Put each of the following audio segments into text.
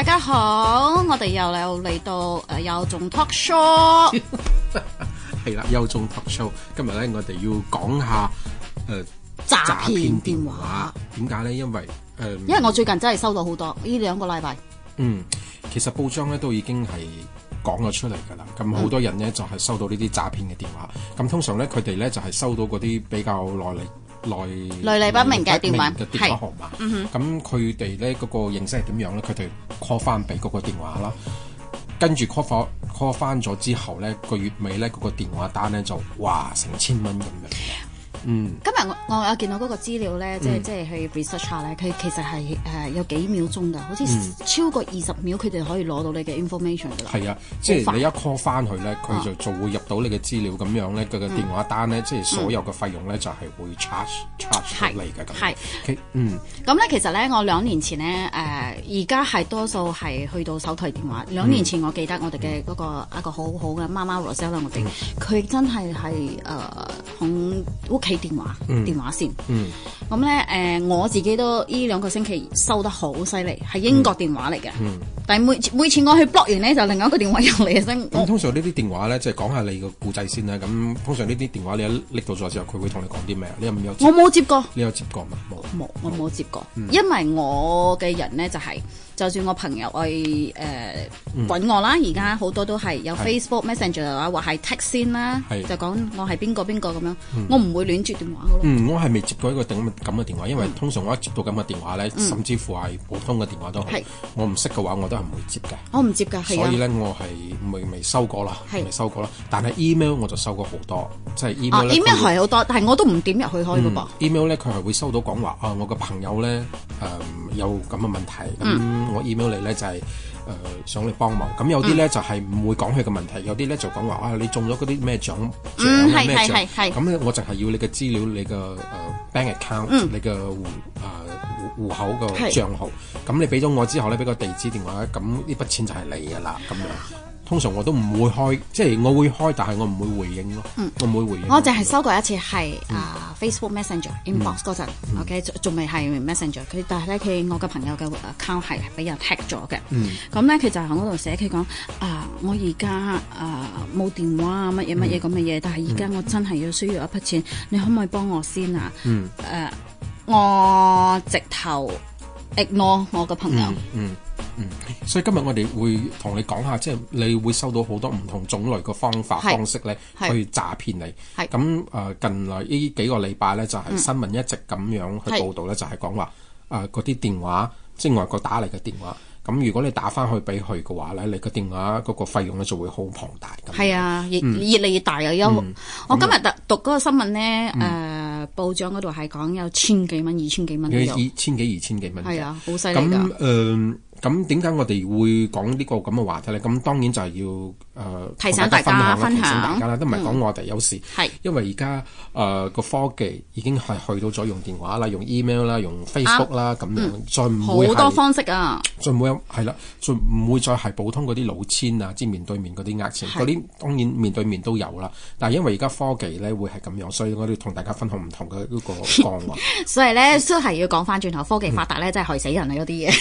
大家好，我哋又來又嚟到誒，有種 talk show，係啦，有種 talk show。 talk show, 今日咧，我哋要講下誒、呃、詐騙電話。點解咧？因為誒，呃、因為我最近真係收到好多呢兩個禮拜。嗯，其實報章咧都已經係講咗出嚟噶啦。咁好多人咧是就係收到呢啲詐騙嘅電話。咁通常咧，佢哋咧就係、是、收到嗰啲比較耐力。來來歷不明嘅電話號碼係，咁佢哋咧嗰個形式係點樣咧？佢哋 call 翻俾嗰個電話啦，跟住 call 翻 call 翻咗之後咧，個月尾咧嗰、那個電話單咧就哇成千蚊咁樣。嗯，今日我我有見到個資料咧，即係即係去 research 下咧，佢其實係誒有幾秒鐘噶，好似超過二十秒，佢哋可以攞到你嘅 information 噶啦。係啊，即係你一 call 翻去咧，佢就就會入到你嘅資料咁樣咧，佢嘅電話單咧，即係所有嘅費用咧就係會 charge charge 嚟嘅咁。係，嗯，咁咧其實咧，我兩年前咧誒而家係多數係去到手提電話，兩年前我記得我哋嘅個一個好好嘅媽媽，我 o 佢真係係誒響起電話，電話先。咁咧、嗯，誒、嗯嗯，我自己都呢兩個星期收得好犀利，係英國電話嚟嘅。嗯嗯、但係每每次我去 block 完咧，就另外一個電話又嚟一聲。咁通常呢啲電話咧，即、就、係、是、講下你個故仔先啦。咁通常呢啲電話你一拎到咗之後，佢會同你講啲咩？你有冇有接？我冇接過。你有接過嗎？冇，我冇接過。嗯、因為我嘅人咧就係、是。就算我朋友誒誒揾我啦，而家好多都係有 Facebook、Messenger 啊，或係 text 先啦，就講我係邊個邊個咁樣，我唔會亂接電話嘅。嗯，我係未接過一個咁嘅咁嘅電話，因為通常我一接到咁嘅電話咧，甚至乎係普通嘅電話都好，我唔識嘅話我都係唔會接嘅。我唔接㗎，所以咧我係未未收過啦，未收過啦。但係 email 我就收過好多，即係 email 咧。email 係好多，但係我都唔點入去開嘅噃。email 咧佢係會收到講話啊，我嘅朋友咧誒有咁嘅問題。我 email 你咧就係、是、誒、呃、想你幫忙，咁有啲咧、嗯、就係唔會講佢嘅問題，有啲咧就講話啊你中咗嗰啲咩獎，嗯、咩獎係係係係，咁咧、嗯、我淨係要你嘅資料，你嘅誒、呃、bank account，嗯、你嘅戶誒戶口個帳號，咁是你俾咗我之後咧，俾個地址電話，咁呢筆錢就係你嘅啦，咁樣。通常我都唔會開，即係我會開，但係我唔會回應咯。我唔會回應。嗯、我淨係收過一次，係啊、嗯 uh, Facebook Messenger inbox 嗰陣，OK，仲未係 Messenger 佢，enger, 但係咧佢我嘅朋友嘅 account 係俾人踢咗嘅。嗯，咁咧佢就喺嗰度寫佢講啊，我而家啊冇電話啊乜嘢乜嘢咁嘅嘢，但係而家我真係要需要一筆錢，你可唔可以幫我先啊？嗯、呃，我直頭 ignore 我嘅朋友。嗯。嗯所以今日我哋會同你講下，即係你會收到好多唔同種類嘅方法方式咧，去詐騙你。咁誒近嚟呢幾個禮拜呢，就係新聞一直咁樣去報導呢，就係講話誒嗰啲電話，即係外國打嚟嘅電話。咁如果你打翻去俾佢嘅話呢，你個電話嗰個費用咧就會好龐大。係啊，越嚟越大嘅憂。我今日讀嗰個新聞呢，誒報章嗰度係講有千幾蚊、二千幾蚊、二千幾、二千幾蚊。係啊，好犀利㗎。咁誒。咁點解我哋會講呢個咁嘅話題呢？咁當然就係要誒、呃、提醒大家分享啦，提醒大家啦，都唔係講我哋有事。係、嗯、因為而家誒個科技已經係去到咗用電話啦、用 email 啦、用 Facebook 啦咁、啊、樣，再唔會好多方式啊，再唔會係啦，再唔會再係普通嗰啲老千啊，即面對面嗰啲額錢嗰啲、嗯，當然面對面都有啦。但係因為而家科技呢會係咁樣，所以我哋要同大家分享唔同嘅嗰個講話。 所以呢，都係要講翻轉頭，科技發達呢真係害死人、 嗯、啊！嗰啲嘢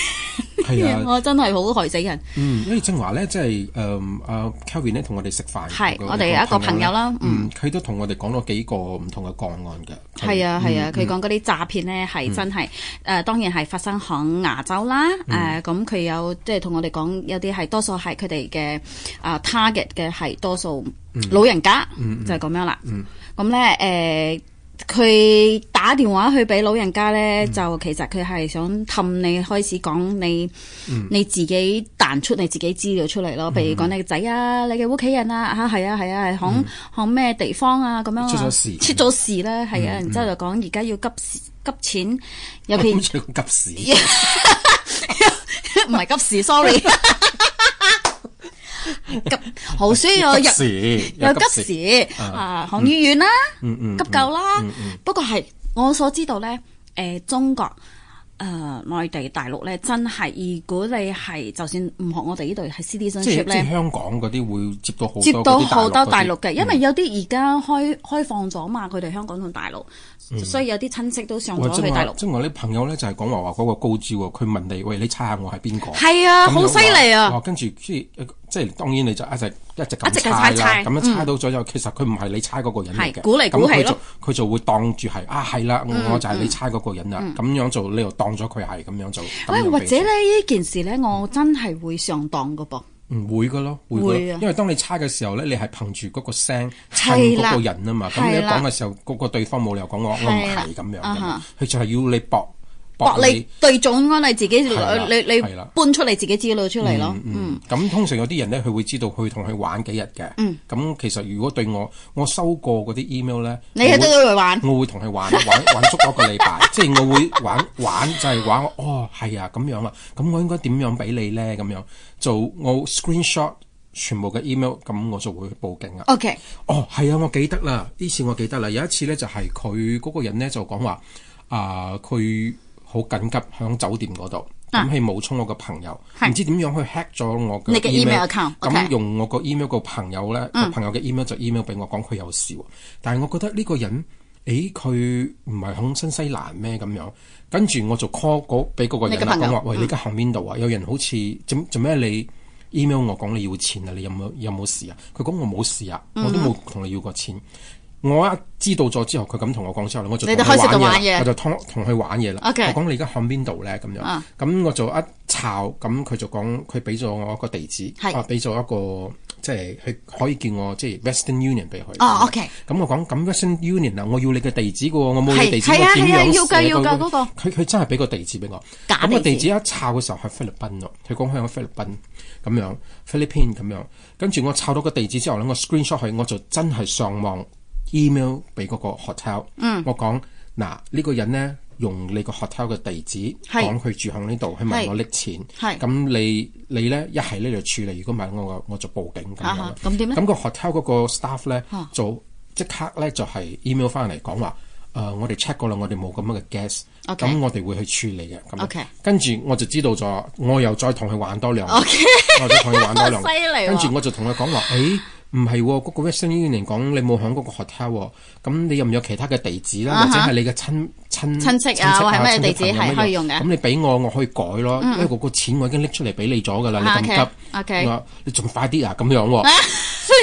係啊。 我真係好害死人。嗯，因為正華咧，即係誒、嗯、阿 Kelvin 咧，同我哋食飯，係我哋一個朋友啦。嗯，佢、嗯、都同我哋講咗幾個唔同嘅個案嘅。係、嗯、啊，係啊，佢講嗰啲詐騙咧，係真係誒，當然係發生喺亞洲啦。誒、嗯，咁佢、呃、有即係同我哋講有啲係多數係佢哋嘅啊 target 嘅係多數老人家，嗯、就係咁樣啦。咁咧誒。佢打電話去俾老人家咧，嗯、就其實佢係想氹你開始講你、嗯、你自己彈出你自己資料出嚟咯，譬如講你嘅仔啊，你嘅屋企人啊，嚇係啊係啊係，響響咩地方啊咁樣咯，啊。出咗事，出咗事啦，係、嗯、啊，嗯、然之後就講而家要急急錢，有篇急事，唔係 急事，sorry。 急好需要有急時有急時啊！行醫院啦，急救啦。不過係我所知道咧，誒，中國誒內地大陸咧，真係如果你係就算唔學我哋呢度係 C D C 咧，即係香港嗰啲會接到接到好多大陸嘅，因為有啲而家開開放咗嘛，佢哋香港同大陸，所以有啲親戚都上咗去大陸。即係我啲朋友咧就係講話話嗰個高招，佢問你喂，你猜下我係邊個？係啊，好犀利啊！跟住即即係當然你就一直一直咁猜啦，咁樣猜到咗又其實佢唔係你猜嗰個人嚟嘅，咁佢就佢就會當住係啊係啦，我就係你猜嗰個人啊，咁樣做你就當咗佢係咁樣做。或者咧呢件事呢，我真係會上當噶噃？唔會噶咯，會會，因為當你猜嘅時候呢，你係憑住嗰個聲猜嗰個人啊嘛，咁你一講嘅時候嗰個對方冇理由講我我唔係咁樣嘅，佢就係要你搏。哇！你對總安你自己，了你你搬出嚟自己資料出嚟咯，嗯。嗯，咁、嗯、通常有啲人咧，佢會知道去同佢玩幾日嘅。嗯，咁其實如果對我，我收過嗰啲 email 咧，你喺度都要嚟玩我。我會同佢玩 玩玩足一個禮拜， 即係我會玩玩就係、是、玩哦，係啊，咁樣啊，咁我應該點樣俾你咧？咁樣就我 screenshot 全部嘅 email，咁我就會去報警啊。O Okay . K，哦，係啊，我記得啦，呢次我記得啦，有一次咧就係佢嗰個人咧就講話啊，佢、呃。好緊急，響酒店嗰度，咁係冒充我個朋友，唔知點樣去 hack 咗我嘅 email 咁用我個 email 個朋友咧，朋友嘅 email 就 email 俾我，講佢有事喎。嗯、但係我覺得呢個人，誒佢唔係響新西蘭咩咁樣？跟住我就 call 嗰，俾嗰個人講話，說說喂，你家行邊度啊？有人好似做做咩你 email 我講你要錢啊？你有冇有冇事啊？佢講我冇事啊，我都冇同你要過錢。嗯我一知道咗之後，佢咁同我講之後，我就開始玩嘢，我就同同佢玩嘢啦。我講，你而家看邊度咧？咁樣咁，我就一抄咁，佢就講佢俾咗我一個地址，係俾咗一個即係佢可以叫我即係 Western Union 俾佢。哦，OK，咁我講咁 Western Union 啊，我要你嘅地址噶，我冇你地址我點樣寫嗰個？佢佢真係俾個地址俾我，咁個地址一抄嘅時候喺菲律賓咯。佢講喺菲律賓，咁樣菲律 i l i 咁樣，跟住我抄到個地址之後咧，我 Screenshot 去我就真係上網。email 俾嗰個 hotel，嗯、我講嗱呢個人呢，用你個 hotel 嘅地址講佢是住響呢度，係咪我攞錢？係咁你你呢一係呢就處理，如果唔係我我我就報警咁、啊啊、樣。咁點呢？咁個 hotel 嗰個 staff 呢，就即、啊、刻呢就係、是、email 翻嚟講話，誒我哋 check 過啦，我哋冇咁樣嘅 guest，咁我哋會去處理嘅。咁 okay, 跟住我就知道咗，我又再同佢玩多兩，okay, 我再同佢玩多兩， 跟住我就同佢講話，誒、欸。唔係，嗰個衛生醫院嚟講，你冇響嗰個 hotel 咁你有唔有其他嘅地址啦？或者係你嘅親親親戚啊，或者咩地址係可以用嘅？咁你俾我，我可以改咯，因為個個錢我已經拎出嚟俾你咗噶啦，你咁急你仲快啲啊，咁樣，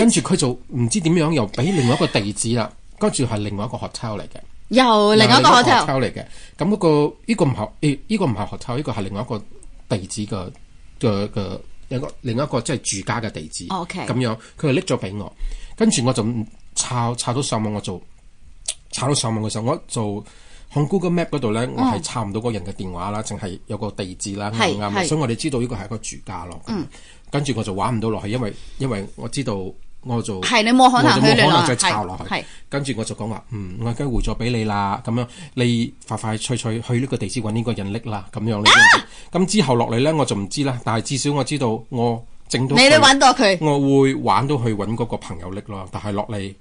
跟住佢就唔知點樣又俾另外一個地址啦，跟住係另外一個學抄嚟嘅，又另外一個學抄嚟嘅，咁嗰個呢個唔學，呢個唔係學抄，呢個係另外一個地址嘅嘅嘅。一個另一個即係住家嘅地址，咁 Okay. 樣佢就拎咗俾我，跟住我就抄抄到上網，我就抄到上網嘅時候，我做喺 Google Map 嗰度咧，嗯、我係查唔到個人嘅電話啦，淨係有個地址啦咁樣，所以我哋知道呢個係一個住家咯。嗯，跟住我就玩唔到落去，因為因為我知道。我就係你冇可能再攞落去。的跟住我就講話，的嗯，我而家回咗俾你啦。咁樣你快快脆脆去呢個地址揾呢個人拎啦。咁樣咁、啊、之後落嚟咧，我就唔知啦。但係至少我知道我整到你到，你揾到佢，我會玩到去揾嗰個朋友拎咯。但係落嚟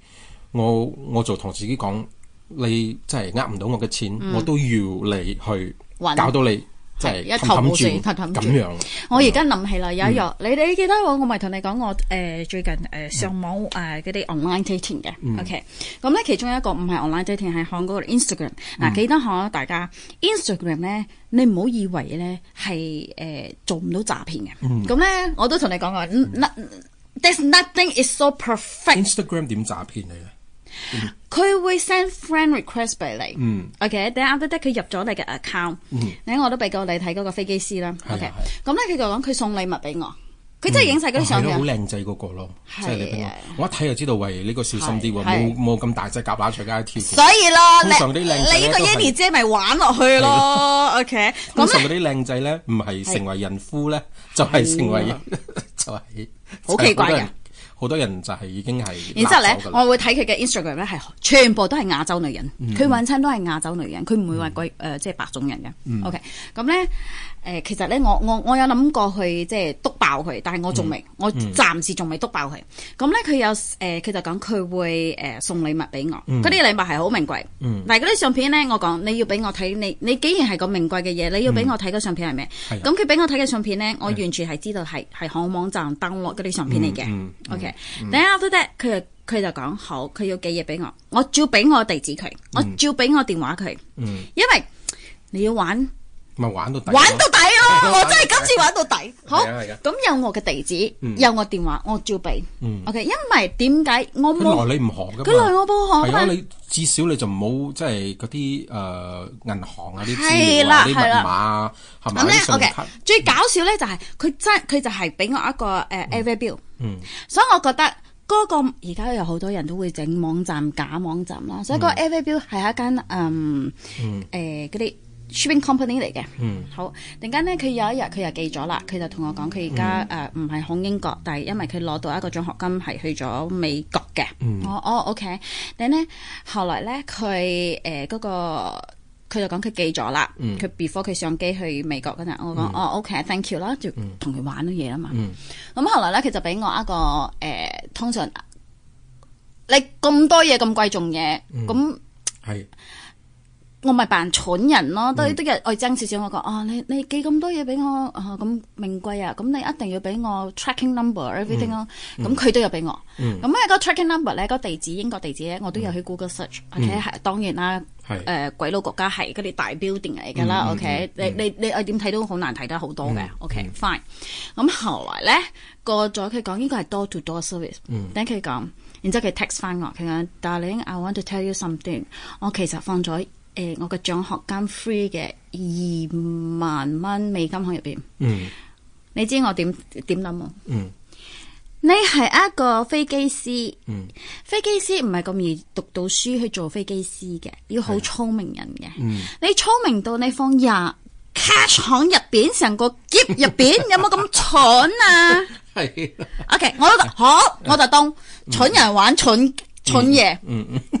我我就同自己講，你真係呃唔到我嘅錢，嗯、我都要你去搞到你。即係一頭霧水，咁樣是。我而家諗起啦，嗯、有一樣，你哋記得我，我咪同你講我誒最近誒上網誒嗰啲 online dating 嘅，OK。咁咧、嗯啊、其中一個唔係 online dating，係韓國嗰個 Instagram。嗱、啊，記得韓國啦，大家、嗯、Instagram 咧，你唔好以為咧係誒做唔到詐騙嘅。咁咧、嗯，我都同你講過、嗯、，There's nothing is so perfect Instagram。Instagram 點詐騙嚟嘅？佢會 send friend request 俾你，OK，等下得得佢入咗你嘅 account，你我都俾過你睇嗰個飛機師啦，OK，咁咧佢就講佢送禮物俾我，佢真係影晒嗰啲相，好靚仔嗰個咯，即係你，我一睇就知道，喂呢個小心啲，冇冇咁大隻蛤乸隨街跳，所以咯，你你呢個 Yanny 姐咪玩落去咯，OK，咁同嗰啲靚仔咧，唔係成為人夫咧，就係成為，就係好奇怪嘅。好多人就係已經係然之後咧，我會睇佢嘅 Instagram 咧，係全部都係亞洲女人，佢揾親都係亞洲女人，佢唔會話鬼誒，即係白種人嘅。OK，咁咧誒，其實咧，我我我有諗過去即係督爆佢，但係我仲未，我暫時仲未督爆佢。咁咧，佢有誒，佢就講佢會誒送禮物俾我，嗰啲禮物係好名貴。但係嗰啲相片咧，我講你要俾我睇，你你既然係個名貴嘅嘢，你要俾我睇嗰相片係咩？咁佢俾我睇嘅相片咧，我完全係知道係係喺網站登載嗰啲相片嚟嘅。OK。After that，佢就佢就講好，佢要寄嘢俾我，我照俾我地址佢，我照俾我電話佢，嗯、因為你要玩。咪玩到底，玩到底咯！我真係今次玩到底。好，咁有我嘅地址，有我電話，我照俾。OK。因為點解我冇？一來你唔學噶佢來我部學。係咯，你至少你就唔好即係嗰啲誒銀行啊啲資料啊啲密碼係嘛？咁咧，O K。最搞笑咧就係佢真係佢就係俾我一個誒 AV Bill。所以我覺得嗰個而家有好多人都會整網站假網站啦，所以嗰個 AV Bill 係一間誒誒啲。shipping company 嚟嘅，嗯、好突然間咧，佢有一日佢又寄咗啦，佢就同我講，佢而家誒唔係喺英國，但係因為佢攞到一個獎學金，係去咗美國嘅。哦哦、嗯 oh,，OK，但係咧後來咧佢誒嗰個，佢就講佢寄咗啦。佢、嗯、before 佢上機去美國嗰陣，我講哦、嗯 oh, OK，thank、okay, you 啦，就同佢玩啲嘢啊嘛。咁、嗯、後來咧，佢就俾我一個誒、呃，通常你咁多嘢咁貴重嘢，咁係。我咪扮蠢人咯都都日我爭少少我講哦你你寄咁多嘢俾我咁名貴啊咁你一定要俾我 tracking number everything 咯咁佢都有俾我咁因為個 tracking number 咧個地址英國地址咧我都有去 Google search 係當然啦誒鬼佬國家係啲大 building 嚟噶啦 ok 你你你點睇都好難睇得好多嘅 ok fine 咁後來咧過咗佢講應該係 door to door service 等佢講然之後佢 text 翻我佢講 Darling, I want to tell you something 我其實放咗誒、呃，我個獎學金 free 嘅二萬蚊美金喺入邊。嗯，你知我點點諗啊？啊、嗯，你係一個飛機師。嗯，飛機師唔係咁易讀到書去做飛機師嘅，要好聰明人嘅。嗯、你聰明到你放廿 cash 喺入邊，成 個喼入邊，有冇咁蠢啊？係、 okay。O K，我好，我就當蠢人玩蠢蠢嘢。嗯嗯。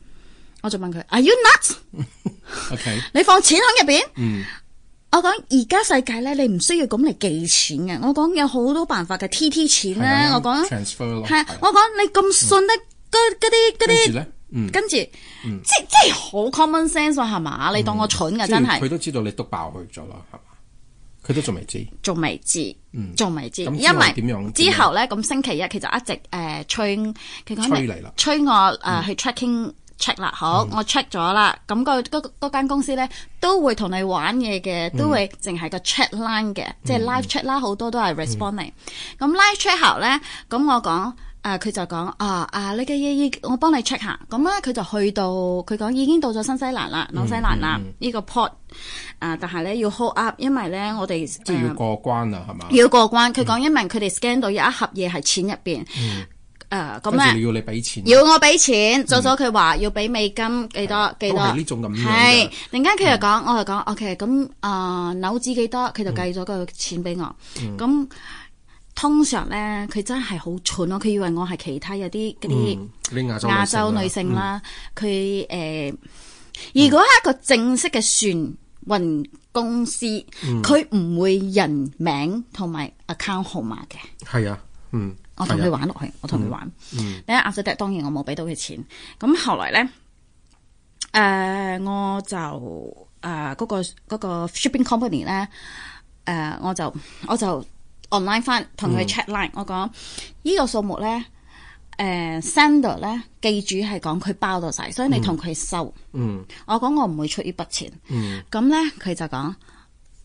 我就問佢，Are you nuts？你放錢喺入邊？我講而家世界咧，你唔需要咁嚟寄錢嘅。我講有好多辦法嘅 T T 錢咧。我講係啊，我講你咁信得嗰啲啲，跟住咧，嗯，即即係好 common sense 啊，係嘛？你當我蠢嘅真係。佢都知道你篤爆去咗啦，係嘛？佢都仲未知，仲未知，嗯，仲未知。因為點樣？之後咧，咁星期一佢就一直誒催佢講嚟啦，催我誒去 tracking check 啦，好，mm. 我 check 咗啦。咁個嗰嗰間公司咧，都會同你玩嘢嘅，都會淨係個 check line 嘅，mm. 即係 live check 啦，好多都係 responding、mm. 嗯。咁 live check 下咧，咁我講，誒、呃，佢就講，啊啊，呢個嘢我幫你 check 下。咁咧，佢就去到，佢講已經到咗新西蘭啦，紐西蘭啦，呢、mm. 個 port，啊、呃，但係咧要 hold up，因為咧我哋即係要過關啊，係嘛？要過關，佢講因為佢哋 scan 到有一盒嘢係錢入邊。Mm. 誒，咁咧要我俾錢，做咗佢話要俾美金幾多幾多？係，突然間佢又講，我就講，OK，咁啊扭紙幾多？佢就計咗個錢俾我。咁通常咧，佢真係好蠢咯，佢以為我係其他有啲嗰啲亞洲女性啦。佢誒，如果係一個正式嘅船運公司，佢唔會人名同埋 account 號碼嘅。係啊，嗯。我同佢玩落去，嗯、我同佢玩。你阿 s i、嗯嗯、r 當然我冇俾到佢錢。咁後來咧，誒、呃、我就誒嗰、呃那個、那個、shipping company 咧，誒、呃、我就我就 online 翻同佢 check line，line、嗯、我講依個數目咧，誒 Sander 咧，記住係講佢包到晒，所以你同佢收嗯。嗯，我講我唔會出依筆錢。嗯，咁咧佢就講。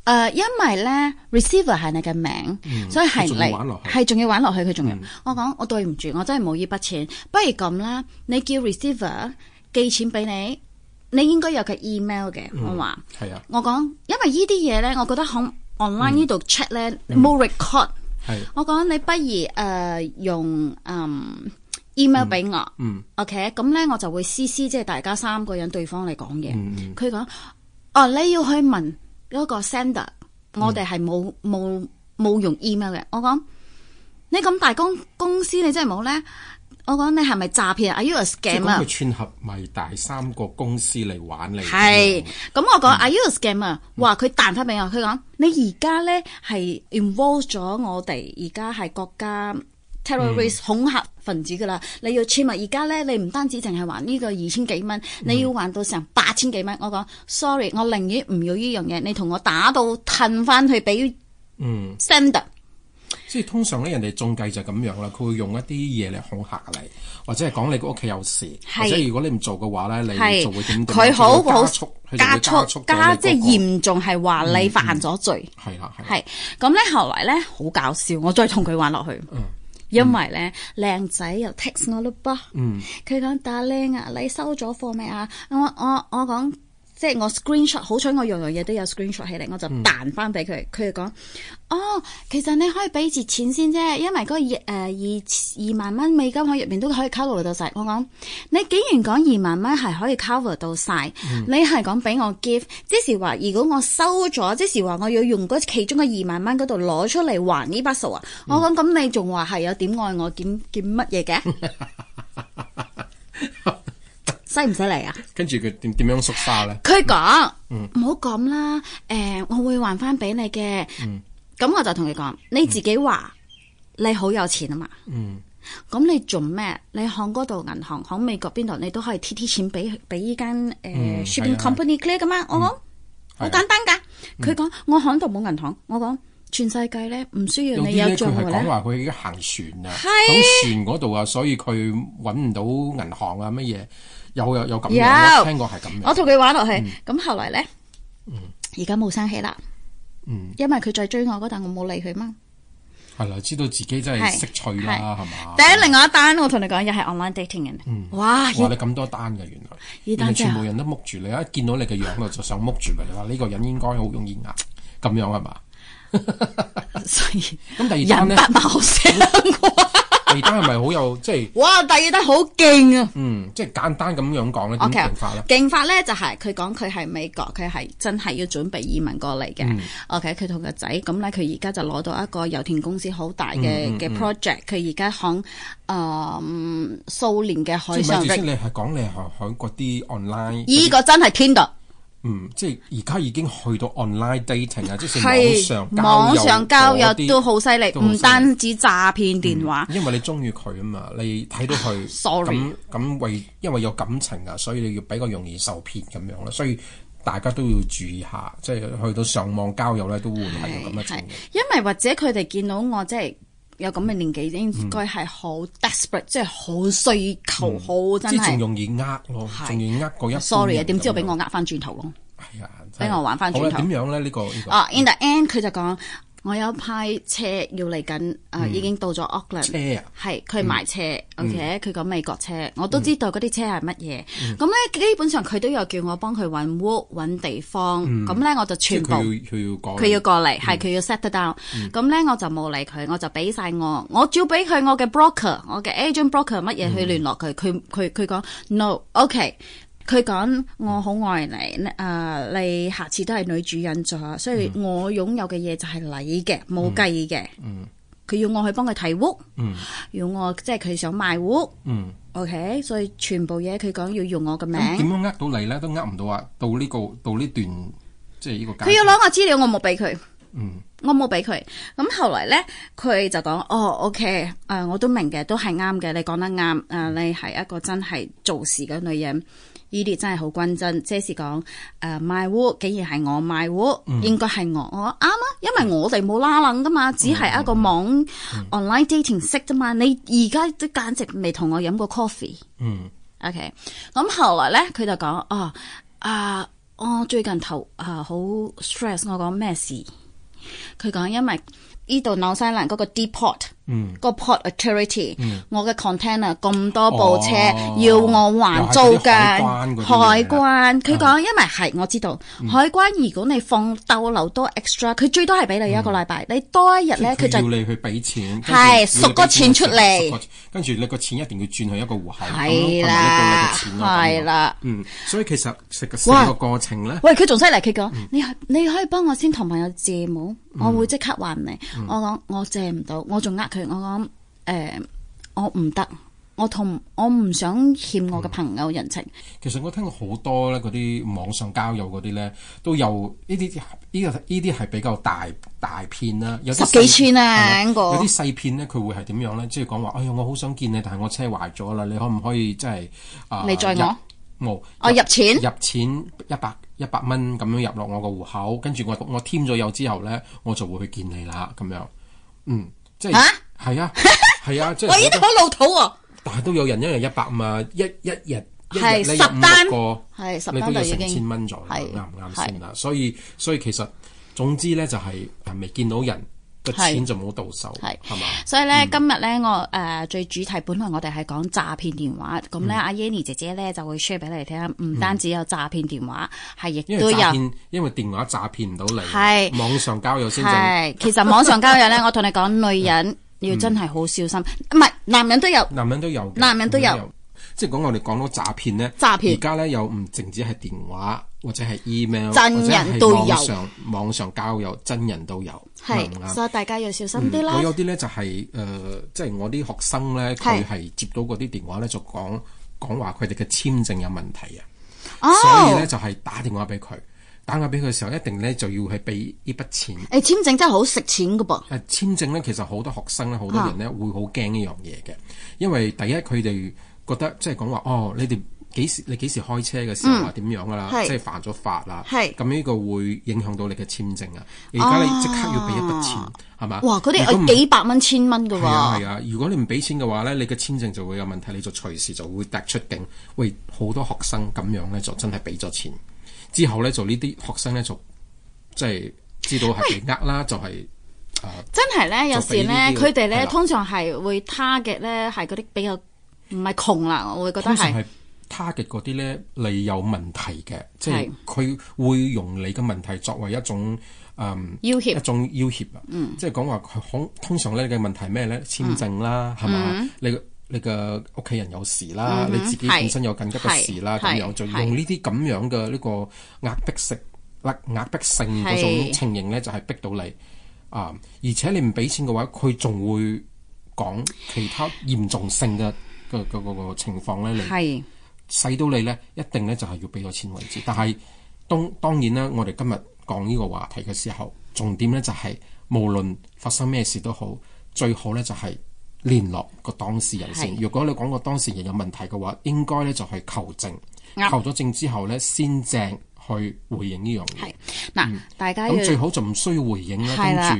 誒、呃，因為咧，receiver 係你嘅名，mm, 所以係你係仲要玩落去佢仲有。Mm. 我講，我對唔住，我真係冇依筆錢，不如咁啦，你叫 receiver 寄錢俾你，你應該有佢 email 嘅。 我話係啊，嗯、我講，因為依啲嘢咧，我覺得好 online 呢度 check 咧冇 record ered,、mm。係、hmm.，我講你不如誒、呃、用嗯 email 俾我。OK 咁咧我就會 cc 即係大家三個人對方嚟講嘢。佢講，哦你要去問。 嗰個 sender，我哋係冇冇冇用 email 嘅。我講你咁大公公司你，你真係冇咧。我講你係咪詐騙 Are you a scam 啊？佢串合咪大三個公司嚟玩你。係是。咁我講、嗯、Are you a scam 啊？話佢彈翻俾我。佢講你而家咧係 involve 咗我哋，而家係國家。terrorist 恐嚇分子噶啦，你要簽物而家咧，你唔單止淨係還呢個二千幾蚊，你要還到成八千幾蚊。我講 sorry，我寧願唔要呢樣嘢，你同我打到褪翻去俾嗯 send。即係通常咧，人哋中計就咁樣啦，佢會用一啲嘢嚟恐嚇你，或者係講你屋企有事，或者如果你唔做嘅話咧，你做會點？佢好加速加速即係嚴重係話你犯咗罪係啦，係咁咧。後來咧好搞笑，我再同佢玩落去。因為咧，靚仔，嗯，又 text 我啦噃，佢講 darling 啊，你收咗貨未啊？我我我講。即係我 screen shot，好彩我樣樣嘢都有 screen shot 起嚟，我就彈翻俾佢。佢、嗯、就講：哦、oh，其實你可以俾住錢先啫，因為嗰二誒、呃、二二萬蚊美金喺入邊都可以 cover 到晒。我講你竟然講二萬蚊係可以 cover 到晒，嗯、你係講俾我 give，即時話如果我收咗，即時話我要用其中嘅二萬蚊嗰度攞出嚟還呢筆數啊！我講咁、嗯、你仲話係有點愛我，點點乜嘢嘅？ 使唔使嚟啊？跟住佢點點樣縮沙咧？佢講：唔好咁啦，誒，我會還翻俾你嘅。嗯，咁我就同佢講：你自己話你好有錢啊嘛。嗯，咁你做咩？你喺嗰度銀行，喺美國邊度你都可以貼啲錢俾俾依間誒 shipping company 咧咁啊！我講好簡單噶。佢講我喺度冇銀行。我講全世界咧唔需要你有賬戶。講話佢已經行船啊，喺船度啊，所以佢搵唔到銀行啊乜嘢。有有有咁樣，聽過係咁樣。我同佢玩落去，咁後來咧，而家冇生氣啦。嗯，因為佢再追我嗰陣，我冇理佢嘛。係啦，知道自己真係識趣啦，係嘛。第一另外一單，我同你講又係 online dating 人。嗯，哇，哇你咁多單嘅原來，而家全部人都目住你，一見到你嘅樣就就想目住你啦。呢個人應該好容易呃，咁樣係嘛？所以咁第二單八冇聽過。係咪好有即係？哇，第二得好勁啊！嗯，即係簡單咁樣講呢，okay, 勁法啦。勁法咧就係佢講佢係美國，佢係真係要準備移民過嚟嘅。嗯、OK，佢同個仔咁咧，佢而家就攞到一個油田公司好大嘅嘅 project。佢而家響誒蘇聯嘅海上。唔係、嗯，你係講你係響嗰啲 online。依個真係 Kindle。嗯，即係而家已經去到 online dating 啊，即係網上交友都好犀利，唔單止詐騙電話，嗯。因為你中意佢啊嘛，你睇到佢，sorry，咁咁為因為有感情啊，所以你要比較容易受騙咁樣咯。所以大家都要注意下，即係去到上網交友咧都會有咁嘅情況。因為或者佢哋見到我即係。就是有咁嘅年紀應該係好 desperate、嗯、即係好需求，好真係，仲容易呃咯，仲要呃過一，sorry 啊，點知俾我呃翻轉頭咯，俾我玩翻轉頭。我點樣咧？呢個呢個哦，in the end 佢就講。我有派車要嚟緊，誒、已經到咗 Oakland。車啊，係佢賣車，OK，佢講美國車，我都知道嗰啲車係乜嘢。咁咧，基本上佢都有叫我幫佢揾屋揾地方。咁咧，我就全部佢要佢過嚟，係佢要 set the down。咁咧，我就冇理佢，我就俾晒我，我照俾佢我嘅 broker，我嘅 agent broker 乜嘢去聯絡佢，佢佢佢講 no，OK，佢講我好愛你，誒、嗯啊，你下次都係女主人咗，所以我擁有嘅嘢就係你嘅，冇計嘅。嗯，佢要我去幫佢睇屋，嗯，要我即係佢想賣屋，嗯，OK，所以全部嘢佢講要用我嘅名。咁點、嗯、樣呃到你咧都呃唔到啊？到呢個到呢段即係呢個。佢要攞我資料，我冇俾佢。嗯，我冇俾佢。咁後來咧，佢就講哦，OK，誒、呃，我都明嘅，都係啱嘅，你講得啱，誒、呃，你係一個真係做事嘅女人。呢啲真係好均真，即是講誒，my word, 竟然係我 my word、嗯、應該係我，我啱啊，因為我哋冇拉楞噶嘛，嗯、只係一個網、嗯、online dating 識啫、嗯、嘛，你而家都簡直未同我飲過 coffee。嗯，OK，咁、嗯、後來咧，佢就講啊啊，我、啊啊、最近頭啊好 stress，我講咩事？佢講因為呢度紐西蘭嗰個 depot 嗯，個 port authority，我嘅 container 咁多部車要我還租嘅海關，佢講因為係我知道海關，如果你放逗留多 extra，佢最多係俾你一個禮拜，你多一日咧，佢就要你去俾錢，係，贖個錢出嚟，跟住你個錢一定要轉去一個戶口，係啦，係啦，嗯，所以其實食個成個過程咧，喂，佢仲犀利，佢講，你你可以幫我先同朋友借冇？我會即刻還你，我講我借唔到，我仲呃。我講誒、呃，我唔得，我同我唔想欠我嘅朋友人情、嗯。其實我聽過好多咧，嗰啲網上交友嗰啲咧，都有呢啲，呢個呢啲係比較大大片啦。有十幾千啊，嗯、有啲細片咧，佢會係點樣咧？即係講話，哎呀，我好想見你，但係我車壞咗啦，你可唔可以即係啊？你、呃、在我冇，我入錢入錢一百一百蚊咁樣入落我個戶口，跟住我我添咗油之後咧，我就會去見你啦。咁樣，嗯，即係。啊係啊，係啊，即係，我依啲好老土喎。但係都有人一日一百嘛，一一日一日呢五個，係十單就成千蚊咗，啱唔啱先啦？所以所以其實總之咧就係係未見到人嘅錢就冇到手，係係嘛？所以咧今日咧我誒最主題本來我哋係講詐騙電話，咁咧阿 Yenny 姐姐咧就會 share 俾你哋聽，唔單止有詐騙電話，係亦都有，因為詐騙，因為電話詐騙唔到你，係網上交友先。其實網上交友咧，我同你講女人。要真係好小心，唔係，男人都有，男人都有，男人都有，男人都有，嗯、有即係講我哋講到詐騙呢，詐騙。而家呢，又唔淨止係電話或者係 email，真人都有，上網上交友真人都有，係，所以大家要小心啲啦。嗯、我有啲呢，就係、是、誒、呃，即係我啲學生呢，佢係接到嗰啲電話呢，就講講話佢哋嘅簽證有問題啊，哦、所以呢，就係、是、打電話俾佢。打嘅俾佢嘅時候，一定咧就要係俾呢筆錢。誒、哎，簽證真係好食錢嘅噃。誒、啊，簽證咧其實好多學生咧，好多人咧會好驚呢樣嘢嘅，因為第一佢哋覺得即係講話哦，你哋幾時你幾時開車嘅時候話點、嗯、樣噶啦，是即係犯咗法啦，咁呢是個會影響到你嘅簽證啊。而家你即刻要俾一筆錢，係嘛？哇，嗰啲有幾百蚊、千蚊嘅係啊，啊如果你唔俾錢嘅話咧，你嘅簽證就會有問題，你就隨時就會踢出境。喂，好多學生咁樣咧就真係俾咗錢。之後呢，就呢啲學生呢，就即係知道係被呃啦，嘿就係、是、啊，呃、真係呢，有時呢，佢哋呢，對了 通常係會 target 呢，係嗰啲比較唔係窮啦，我會覺得係。通常係 target 嗰啲呢，你有問題嘅，即係佢會用你嘅問題作為一種挾，嗯、要脅一種要挾。啊、嗯，即係講話佢好通常呢嘅問題咩呢？簽證啦，係嘛、嗯吧？你。嗯你個屋企人有事啦，嗯、哼你自己本身有緊急嘅事啦，咁是樣是就用呢啲咁樣嘅呢個壓迫性、壓壓是迫性嗰種情形呢，就係、是、逼到你是啊。而且你唔俾錢嘅話，佢仲會講其他嚴重性嘅嘅嗰個情況呢，嚟，使到你呢，一定呢，就係、是、要俾到錢為止。但係當當然呢，我哋今日講呢個話題嘅時候，重點呢、就是，就係無論發生咩事都好，最好呢，就係、是，聯絡個當事人先。如果你講個當事人有問題嘅話，的應該咧就係求證，求咗證之後咧先正去回應呢樣嘢。係嗱，大家咁、嗯、最好就唔需要回應啦。係啦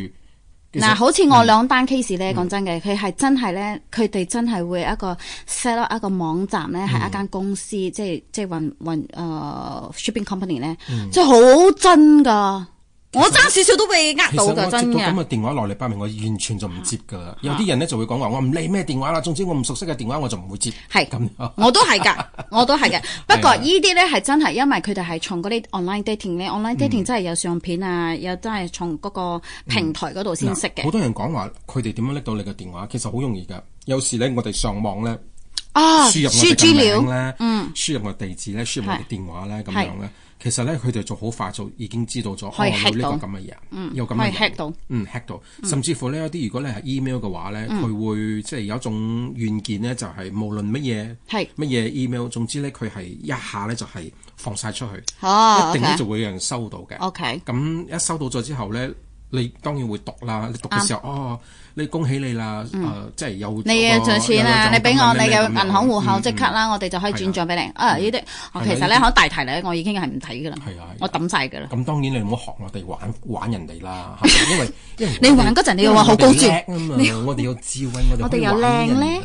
的，嗱，好似我兩單 case 咧，講、嗯、真嘅，佢係真係咧，佢哋真係會一個 set up 一個網站咧，係一間公司，嗯、即係即係運運誒、呃、shipping company 咧、嗯，即係好真㗎。我爭少少都被呃到㗎真噶。其實我接到咁嘅電話落嚟，擺明，我完全就唔接噶啦。有啲人呢就會講話，我唔理咩電話啦。總之我唔熟悉嘅電話我就唔會接。係咁，我都係噶，我都係嘅。不過依啲呢係真係，因為佢哋係從嗰啲 online dating 呢 online dating 真係有相片啊，又真係從嗰個平台嗰度先識嘅。好多人講話佢哋點樣拎到你嘅電話，其實好容易噶。有時呢，我哋上網呢，啊輸入個名咧，輸入個地址呢，輸入個電話咧，咁樣呢。其實咧，佢哋就做好快，就已經知道咗我噢有呢個咁嘅嘢，嗯、有咁嘅嘢，hack 到，甚至乎呢，一啲，如果你係 email 嘅話咧，佢、嗯、會即係有一種軟件咧，就係、是、無論乜嘢，係乜嘢是 email，總之咧佢係一下咧就係放晒出去，oh, okay. 一定咧就會有人收到嘅。OK，咁一收到咗之後咧，你當然會讀啦，你讀嘅時候對哦。你恭喜你啦！誒，即係有你嘅存錢啦，你俾我你嘅銀行戶口即刻啦，我哋就可以轉帳俾你。啊，呢啲其實咧，喺大題嚟，我已經係唔睇噶啦。係啊，我抌晒噶啦。咁當然你唔好學我哋玩玩人哋啦，因為因為你玩嗰陣，你要話好高招啊嘛！我哋有智慧，我哋我哋有靚咧，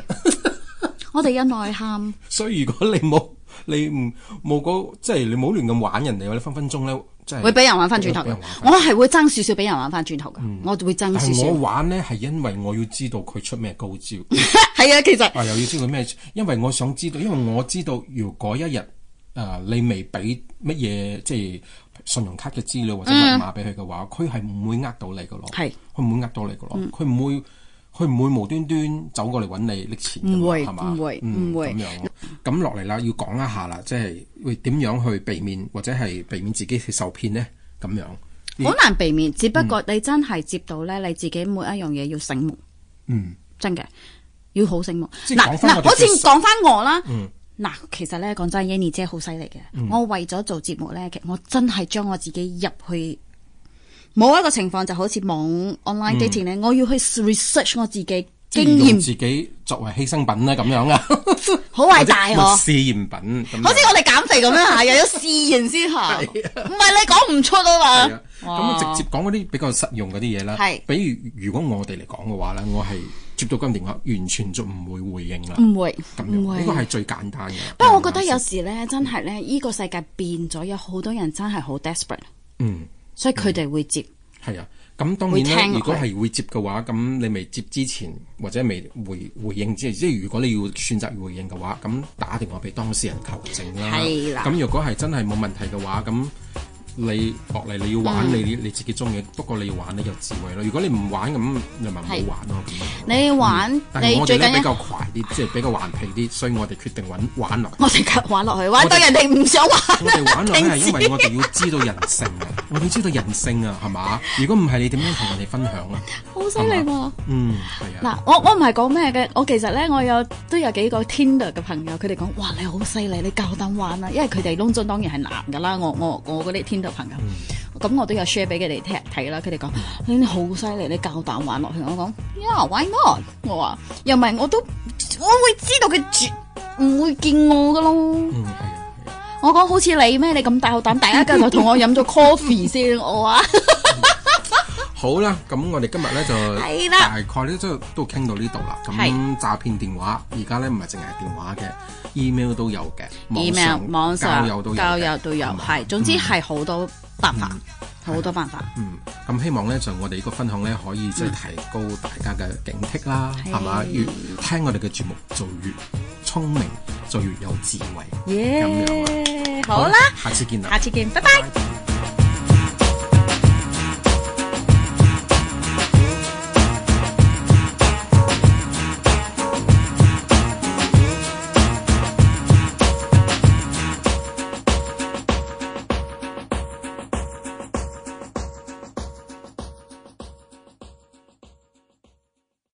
我哋有內涵。所以如果你冇你唔冇嗰即係你唔好亂咁玩人哋，你分分鐘咧。會俾人玩翻轉頭，頭我係會爭少少俾人玩翻轉頭噶，嗯、我就會爭少少。但係我玩呢係、嗯、因為我要知道佢出咩高招。係 啊，其實啊又要知佢咩？因為我想知道，因為我知道，如果一日誒、呃、你未俾乜嘢，即係信用卡嘅資料或者密碼俾佢嘅話，佢係唔會呃到你噶咯。係是，佢唔會呃到你噶咯，佢唔、嗯、會。佢唔會無端端走過嚟揾你拎錢，係嘛會？唔吧會唔、嗯、會咁樣咁落嚟啦，要講一下啦，即係會點樣去避免或者係避免自己去受騙呢？咁樣好難避免，嗯、只不過你真係接到咧，你自己每一樣嘢要醒目，嗯，真嘅要好醒目。嗱嗱，好似講翻我啦，嗱、嗯，其實咧講真，Yenny 姐好犀利嘅，嗯、我為咗做節目咧，我真係將我自己入去。冇一個情況就好似網 online dating 咧，我要去 research 我自己經驗，自己作為犧牲品咧咁樣啊，好偉大嗬！試驗品，好似我哋減肥咁樣吓，又有試驗先吓，唔係你講唔出啊嘛？咁直接講嗰啲比較實用嗰啲嘢啦。係，比如如果我哋嚟講嘅話咧，我係接到個電話，完全就唔會回應啦，唔會咁樣，呢個係最簡單嘅。不過我覺得有時咧，真係咧，呢個世界變咗，有好多人真係好 desperate，嗯。所以佢哋會接，係、嗯、啊。咁當然啦，如果係會接嘅話，咁你未接之前或者未回回應之前，即係如果你要選擇回應嘅話，咁打電話俾當事人求證啦。係啊、咁、如果係真係冇問題嘅話，咁。你落嚟，你要玩，你你自己中意。不過你要玩你就智慧咯。如果你唔玩咁，又咪唔好玩咯。你玩，但係我哋比較快啲，即係比較頑皮啲，所以我哋決定玩落。我成日玩落去，玩到人哋唔想玩。我哋玩落係因為我哋要知道人性嘅，我哋知道人性啊，係嘛？如果唔係你點樣同人哋分享啊？好犀利啊！嗯，係啊。嗱，我我唔係講咩嘅，我其實咧我有都有幾個 Tinder 嘅朋友，佢哋講：哇，你好犀利，你夠膽玩啊！因為佢哋 l o 當然係男噶啦，我我我啲 Tin。朋友咁，嗯、我都有 share 俾佢哋聽睇啦。佢哋講：你好犀利，你夠膽玩落去。我講：Yeah，why not？我話：又唔係我都，我會知道佢絕唔會見我噶咯。嗯哎哎、我講：好似你咩？你咁大好膽，第一架就同我飲咗 coffee 先，我話！好啦，咁我哋今日咧就係喇，大概咧即係都傾到呢度啦。咁詐騙電話而家咧唔係淨係電話嘅，email 都有嘅，email 網上交友都有都有都有，係，總之係好多辦法，好多辦法。嗯，咁希望咧就我哋呢個分享咧可以即係提高大家嘅警惕啦，係嘛？越聽我哋嘅節目就越聰明，就越有智慧。咁樣好啦，下次見啦，下次見，拜拜。